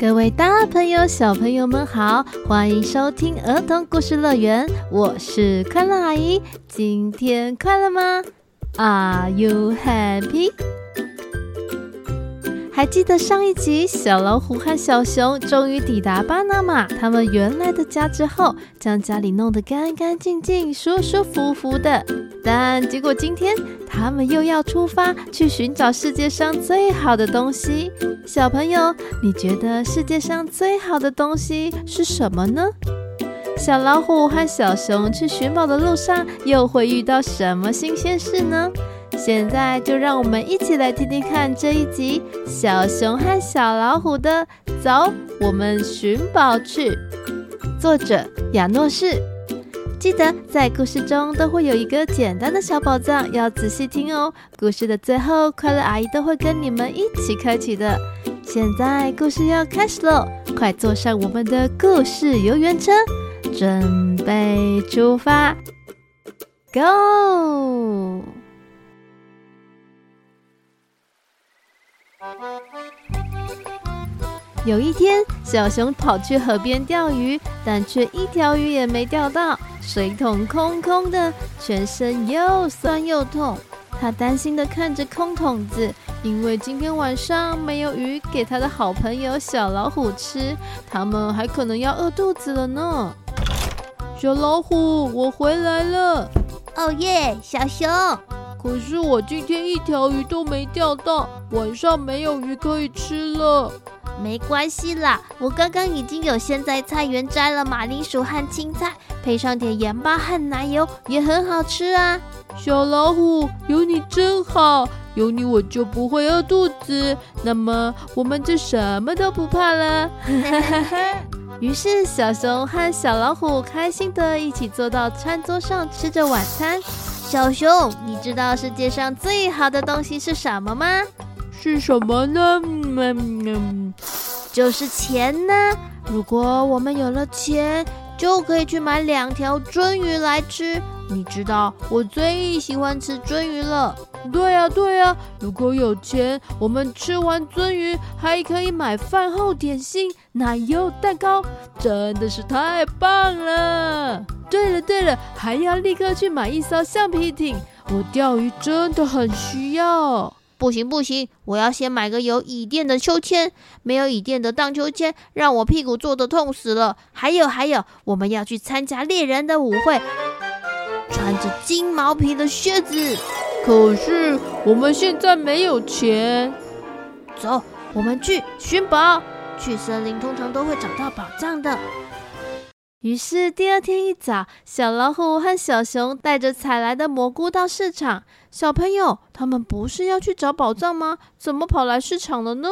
各位大朋友、小朋友們好，歡迎收聽兒童故事樂園，我是快樂阿姨。今天快樂嗎？Are you happy？還記得上一集，小老虎和小熊終於抵達巴拿馬，他們原來的家之後，將家裡弄得乾乾淨淨、舒舒服服的。但結果今天，他們又要出發去尋找世界上最好的東西。小朋友，你覺得世界上最好的東西是什麼呢？小老虎和小熊去尋寶的路上，又會遇到什麼新鮮事呢？現在就讓我們一起來聽聽看這一集《小熊和小老虎的走我們尋寶去》，作者亞諾士。記得在故事中都會有一個簡單的小寶藏，要仔細聽哦。故事的最後，快樂阿姨都會跟你們一起開啟的。現在故事要開始嘍，快坐上我們的故事遊園車，準備出發，Go！有一天，小熊跑去河邊釣魚，但卻一條魚也沒釣到，水桶空空的，全身又痠又痛。他擔心的看着空桶子，因為今天晚上沒有魚給他的好朋友小老虎吃，他們還可能要餓肚子了呢。小老虎，我回來了！哦耶，小熊！可是我今天一條魚都沒釣到。晚上沒有魚可以吃了，沒關係啦，我剛剛已經有先在菜園摘了馬鈴薯和青菜，配上點鹽巴和奶油也很好吃啊。小老虎，有你真好，有你我就不會餓肚子，那麼我們就什麼都不怕了。 於是小熊和小老虎開心地一起坐到餐桌上吃着晚餐。小熊，你知道世界上最好的東西是什麼嗎？是什麼呢？嗯嗯、就是錢呢。如果我們有了錢，就可以去買兩條鱒魚來吃。你知道，我最喜歡吃鱒魚了。對呀、啊，對呀、啊。如果有錢，我們吃完鱒魚還可以買飯後點心、奶油蛋糕，真的是太棒了。對了，對了，還要立刻去買一艘橡皮艇。我釣魚真的很需要。不行不行，我要先買個有椅墊的秋千。沒有椅墊的盪秋千，讓我屁股坐得痛死了。還有還有，我們要去參加獵人的舞會，穿着金毛皮的靴子。可是我們現在沒有錢。走，我們去尋寶。去森林通常都會找到寶藏的。於是第二天一早，小老虎和小熊帶着採來的蘑菇到市場。小朋友，他們不是要去找寶藏嗎？怎麼跑來市場了呢？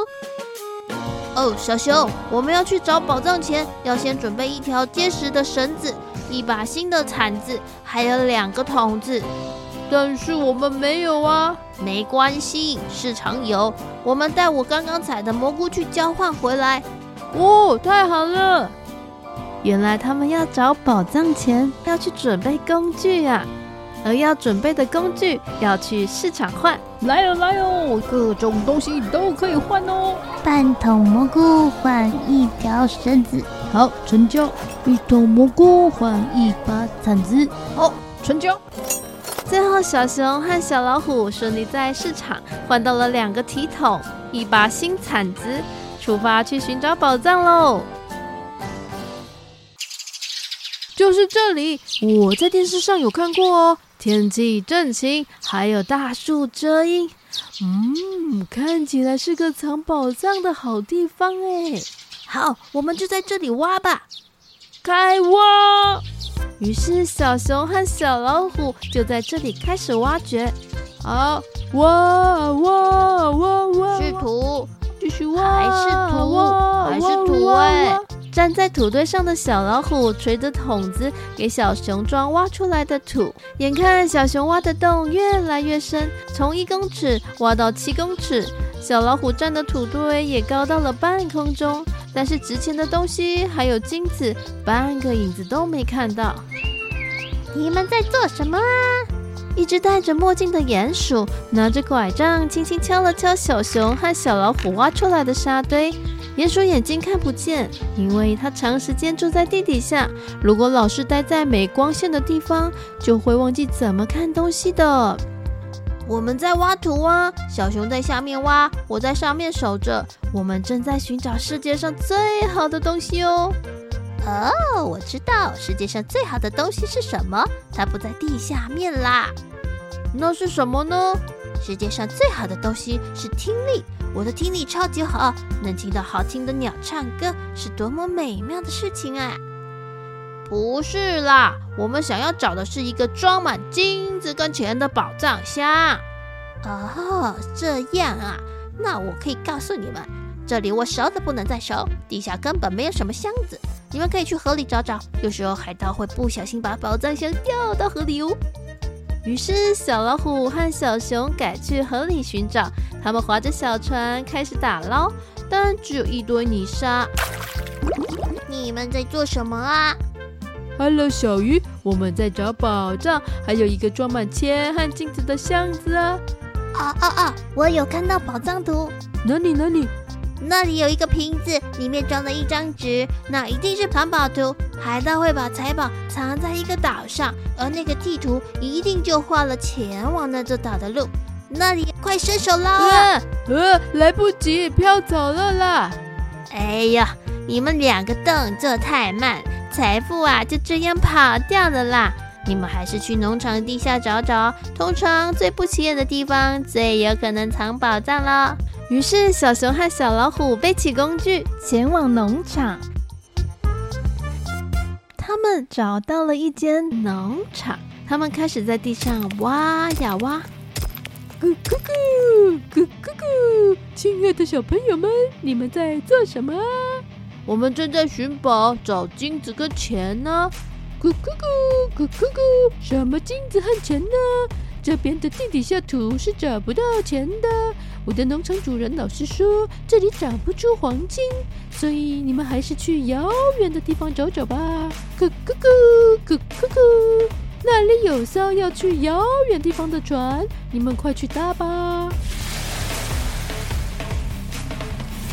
哦，小熊，我們要去找寶藏前，要先準備一條結實的繩子、一把新的鏟子，還有兩個桶子。但是我們沒有啊。沒關係，市場有。我們帶我剛剛採的蘑菇去交換回來。哦，太好了！原來他們要找寶藏前要去準備工具呀、啊，而要準備的工具要去市場換。來哦來哦，各種東西都可以換哦。半桶蘑菇換一條繩子，好成交。一桶蘑菇換一把鏟子，好成交。最後，小熊和小老虎順利在市場換到了兩個提桶、一把新鏟子，出發去尋找寶藏嘍。就是這裡，我在電視上有看過哦。天氣正晴，還有大樹遮陰。嗯，看起來是個藏寶藏的好地方哎。好，我們就在這裡挖吧，開挖！於是小熊和小老虎就在這裡開始挖掘，好、啊，挖挖挖挖，是土，繼續挖，繼續挖，還是土。在土堆上的小老虎，錘着桶子給小熊裝挖出來的土。眼看小熊挖的洞越來越深，從一公尺挖到七公尺，小老虎站的土堆也高到了半空中。但是值錢的東西還有金子，半個影子都沒看到。你們在做什麼啊？一只戴着墨鏡的鼹鼠，拿着拐杖，輕輕敲了敲小熊和小老虎挖出來的沙堆。別說眼睛看不見，因為它長時間住在地底下。如果老是待在沒光線的地方，就會忘記怎麼看東西的。我們在挖土啊，小熊在下面挖，我在上面守着。我們正在尋找世界上最好的東西哦。哦，oh, 我知道世界上最好的東西是什麼，它不在地下面啦。那是什麼呢？世界上最好的東西是聽力。我的聽力超級好，能聽到好聽的鳥唱歌，是多麼美妙的事情啊！不是啦，我們想要找的是一個裝滿金子跟錢的寶藏箱。哦，這樣啊，那我可以告訴你們，這裡我熟的不能再熟，地下根本沒有什麼箱子。你們可以去河裡找找，有時候海盜會不小心把寶藏箱掉到河裡哦。於是，小老虎和小熊趕去河裡尋找。他們划着小船開始打撈，但只有一堆泥沙。你們在做什麼啊？Hello，小魚，我們在找寶藏，還有一個裝滿錢和鏡子的箱子啊！啊啊啊！我有看到寶藏圖，哪裡哪裡？哪裡那裡有一個瓶子，裡面裝了一張紙，那一定是藏寶圖。海盜會把財寶藏在一個島上，而那個地圖一定就畫了前往那座島的路。那裡，快伸手啦！呃，啊，啊，來不及，飄走了啦！哎呀，你們兩個動作太慢，財富啊就這樣跑掉了啦！你們還是去農場地下找找，通常最不起眼的地方最有可能藏寶藏了。於是，小熊和小老虎背起工具，前往農場。他們找到了一間農場，他們開始在地上挖呀挖。咕咕咕咕咕咕！親愛的，小朋友們，你們在做什麼？我們正在尋寶，找金子跟錢呢？咕咕咕，咕咕咕！什麼金子和錢呢？這邊的地底下土是找不到錢的。我的農場主人老是說這裡找不出黃金，所以你們還是去遙遠的地方找找吧。咕咕咕，咕咕咕！那裡有艘要去遙遠地方的船，你們快去搭吧。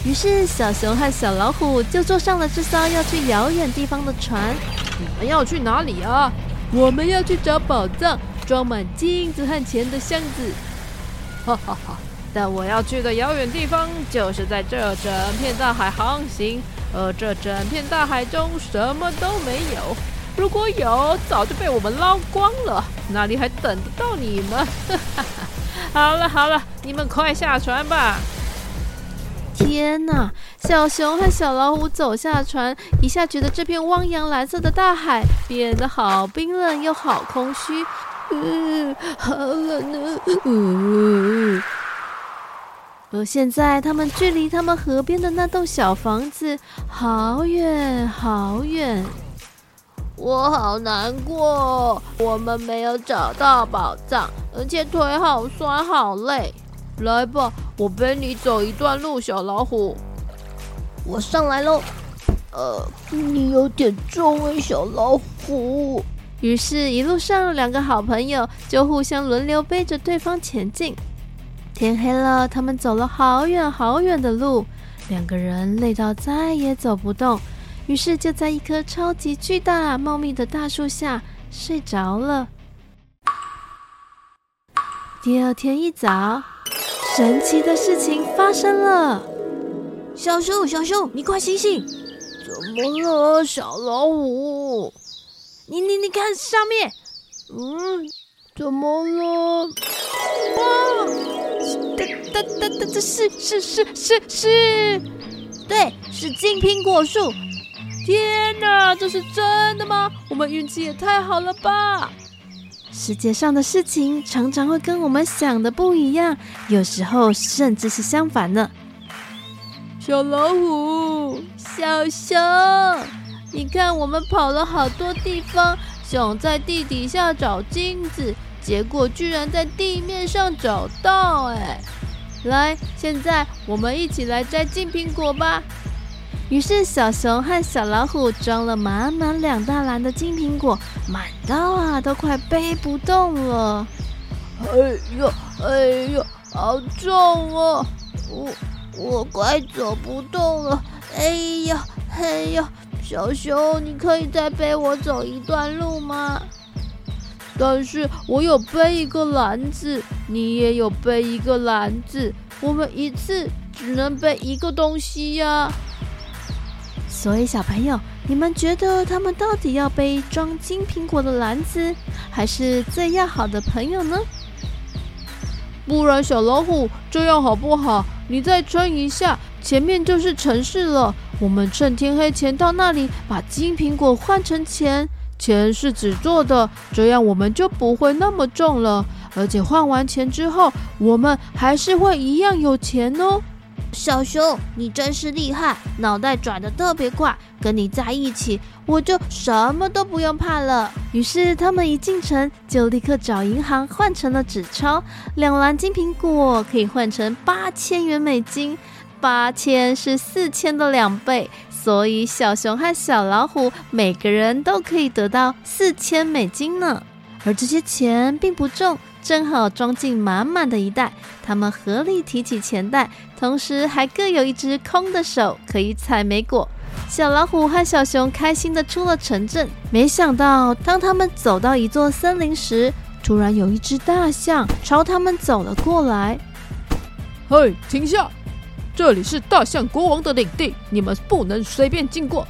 於是，小熊和小老虎就坐上了這艘要去遙遠地方的船。你們要去哪裡啊？我們要去找寶藏，裝滿金子和錢的箱子。哈哈哈！但我要去的遙遠地方，就是在這整片大海航行，而這整片大海中什麼都沒有。如果有，早就被我們撈光了。哪裡還等得到你們？哈哈哈！好了好了，你們快下船吧。天吶！小熊和小老虎走下船，一下覺得這片汪洋藍色的大海變得好冰冷又好空虛，嗯，好冷啊！嗯。而現在，他們距離他們河邊的那棟小房子好遠好遠，好遠。我好難過。我們沒有找到寶藏，而且腿好酸好累。來吧，我背你走一段路，小老虎。我上來嘍。呃，你有點重，啊，哎，小老虎。於是，一路上兩個好朋友就互相輪流背着對方前進。天黑了，他們走了好遠好遠的路，兩個人累到再也走不動，於是就在一棵超級巨大、茂密的大樹下睡着了。第二天一早。神奇的事情發生了，小熊，小熊，小熊，你快醒醒！怎麼了，小老虎？你你你看上面，嗯，怎麼了？哇！噠噠噠噠，這是是是是是，對，是金蘋果樹！天哪，這是真的嗎？我們運氣也太好了吧！世界上的事情常常會跟我們想的不一樣，有時候甚至是相反呢。小老虎、小熊，你看，我們跑了好多地方，想在地底下找金子，結果居然在地面上找到。哎，來，現在我們一起來摘金蘋果吧。於是，小熊和小老虎裝了滿滿兩大籃的金蘋果，滿到啊都快背不動了。哎呦，哎呦，好重啊！我我快走不動了。哎呦，哎呦，小熊，你可以再背我走一段路嗎？但是我有背一個籃子，你也有背一個籃子，我們一次只能背一個東西呀、啊。所以，小朋友，你們覺得他們到底要背裝金蘋果的籃子，還是最要好的朋友呢？不然，小老虎，這樣好不好？你再撐一下，前面就是城市了。我們趁天黑前到那裡，把金蘋果換成錢，錢是紙做的，這樣我們就不會那麼重了。而且換完錢之後，我們還是會一樣有錢哦。小熊，你真是厲害，腦袋轉得特別快。跟你在一起，我就什麼都不用怕了。於是他們一進城，就立刻找銀行換成了紙鈔。兩籃金蘋果可以換成八千元美金，八千是四千的兩倍，所以小熊和小老虎每個人都可以得到四千美金呢。而這些錢並不重，正好裝進滿滿的一袋。他們合力提起錢袋。同時還各有一隻空的手，可以採莓果。小老虎和小熊開心的出了城鎮，沒想到當他們走到一座森林時，突然有一隻大象朝他們走了過來。嘿，停下！這裡是大象國王的領地，你們不能隨便經過。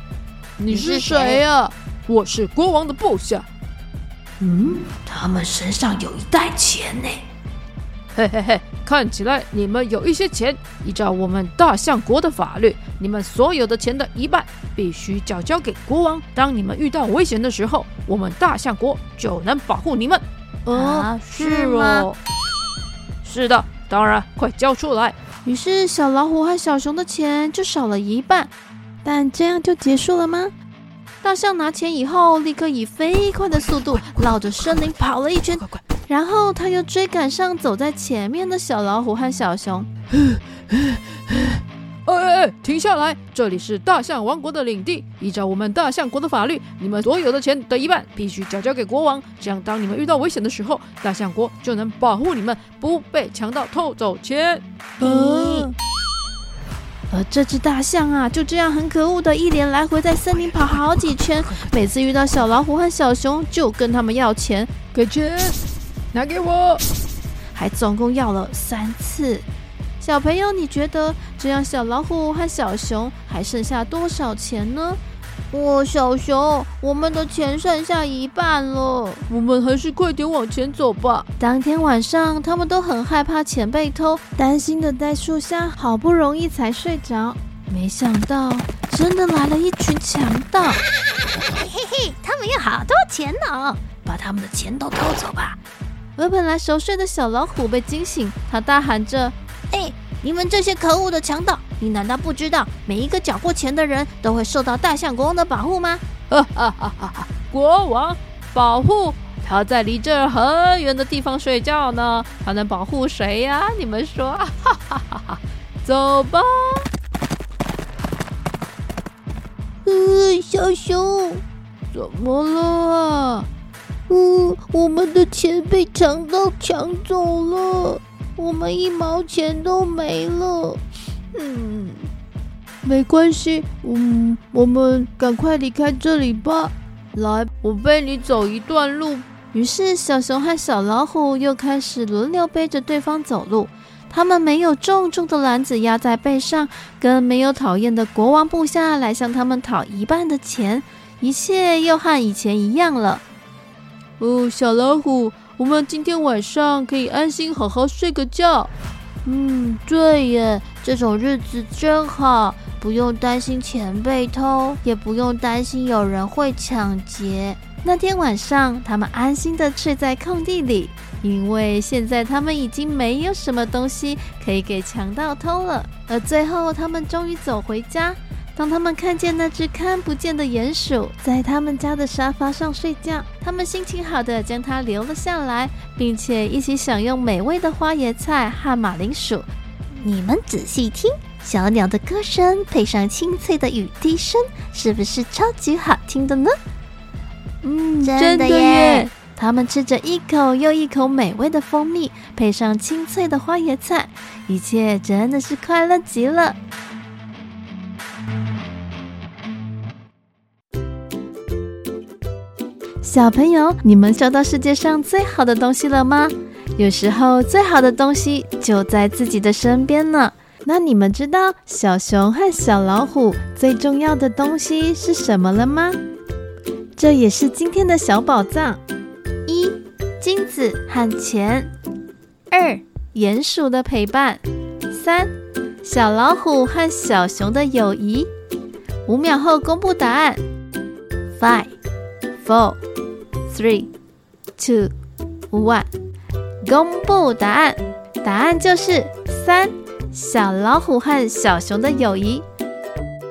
你是，你是誰啊？我是國王的部下。嗯，他們身上有一袋錢呢。嘿嘿嘿。看起來你們有一些錢。依照我們大象國的法律，你們所有的錢的一半必須要交，交給國王。當你們遇到危險的時候，我們大象國就能保護你們。哦、啊，是哦，是的，當然。快交出來！於是小老虎和小熊的錢就少了一半。但這樣就結束了嗎？大象拿錢以後，立刻以飛快的速度繞乖着森林跑了一圈。乖乖乖乖乖乖然後他又追趕上走在前面的小老虎和小熊。哎哎哎，停下來！這裡是大象王國的領地。依照我們大象國的法律，你們所有的錢的一半必須交，交給國王。這樣，當你們遇到危險的時候，大象國就能保護你們，不被強盜偷走錢。嗯。嗯，而這隻大象啊，就這樣很可惡的一連來回在森林跑好幾圈，每次遇到小老虎和小熊，就跟他們要錢，給錢。拿給我，還總共要了三次。小朋友，你覺得這樣小老虎和小熊還剩下多少錢呢？哦，小熊，我們的錢剩下一半了。我們還是快點往前走吧。當天晚上，他們都很害怕錢被偷，擔心的在樹下，好不容易才睡着。沒想到，真的來了一群強盜。嘿嘿嘿，他們有好多錢哦，把他們的錢都偷走吧。而本來熟睡的小老虎被驚醒，他大喊着：“哎、欸，你們這些可惡的強盜！你難道不知道每一個繳過錢的人都會受到大象國王的保護嗎？”“哈哈哈哈！國王保護？他在離這很遠的地方睡覺呢，他能保護誰呀？你們說？”“哈哈哈哈！走吧。”“呃，小熊，怎麼了？”我們的錢被強盜搶走了，我們一毛錢都沒了。嗯，沒關係，我、嗯、我們趕快離開這裡吧。來，我背你走一段路。於是，小熊和小老虎又開始輪流背着對方走路。他們沒有重重的籃子壓在背上，更沒有討厭的國王部下來向他們討一半的錢。一切又和以前一樣了。哦，小老虎，我們今天晚上可以安心好好睡個覺。嗯，對耶，這種日子真好，不用擔心錢被偷，也不用擔心有人會搶劫。那天晚上，他們安心的睡在空地裡，因為現在他們已經沒有什麼東西可以給強盜偷了。而最後，他們終於走回家。當他們看見那隻看不見的鼴鼠在他們家的沙發上睡覺，他們心情好的將它留了下來，並且一起享用美味的花椰菜和馬鈴薯。你們仔細聽，小鳥的歌聲配上清脆的雨滴聲，是不是超級好聽的呢？嗯，真的，真的耶！他們吃着一口又一口美味的蜂蜜，配上清脆的花椰菜，一切真的是快樂極了。小朋友，你們收到世界上最好的東西了嗎？有時候最好的東西就在自己的身邊呢。那你們知道小熊和小老虎最重要的東西是什麼了嗎？這也是今天的小寶藏：一、金子和錢；二、鼴鼠的陪伴；三、小老虎和小熊的友誼。五秒後公布答案。Five, four. Three, two, one，公布答案。答案就是三，小老虎和小熊的友誼。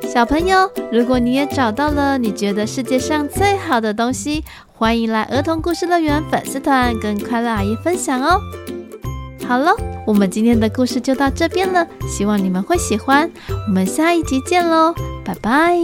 小朋友，如果你也找到了你覺得世界上最好的東西，歡迎來兒童故事樂園粉絲團跟快樂阿姨分享哦。好了，我們今天的故事就到這邊了，希望你們會喜歡。我們下一集見嘍，拜拜。